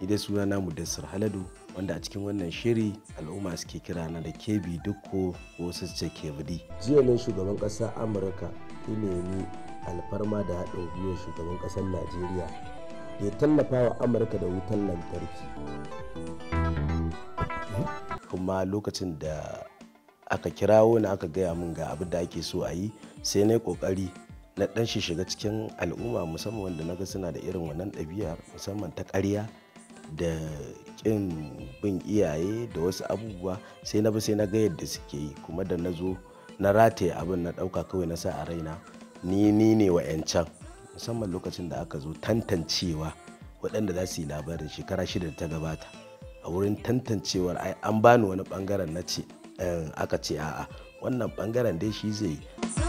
ni dai suna na mudassir haladu wanda a cikin wannan shiri al'umma suke kira na da kebi duk ko su ce kebidi jiya ne shugaban kasa amurka ya nemi alfarma da haɗin gwiwar shugaban ƙasar najeriya ya tallafa wa amurka da wutan lantarki kuma lokacin da aka kirawo na aka gaya min ga abin da ake so a yi sai na yi kokari na ɗan shi shiga cikin al'umma musamman wanda na ga suna da irin wannan ɗabi'a musamman ta ƙarya da kin bin iyaye da wasu abubuwa sai na bi sai na ga yadda suke yi kuma da na zo na rataye abin na ɗauka kawai na sa a raina ni ni ne wa 'yancan musamman lokacin da aka zo tantancewa waɗanda za su yi labarin shekara shida da ta gabata a wurin tantancewar ai an bani wani bangaren na ce eh, aka ce a'a wannan bangaren dai shi zai yi.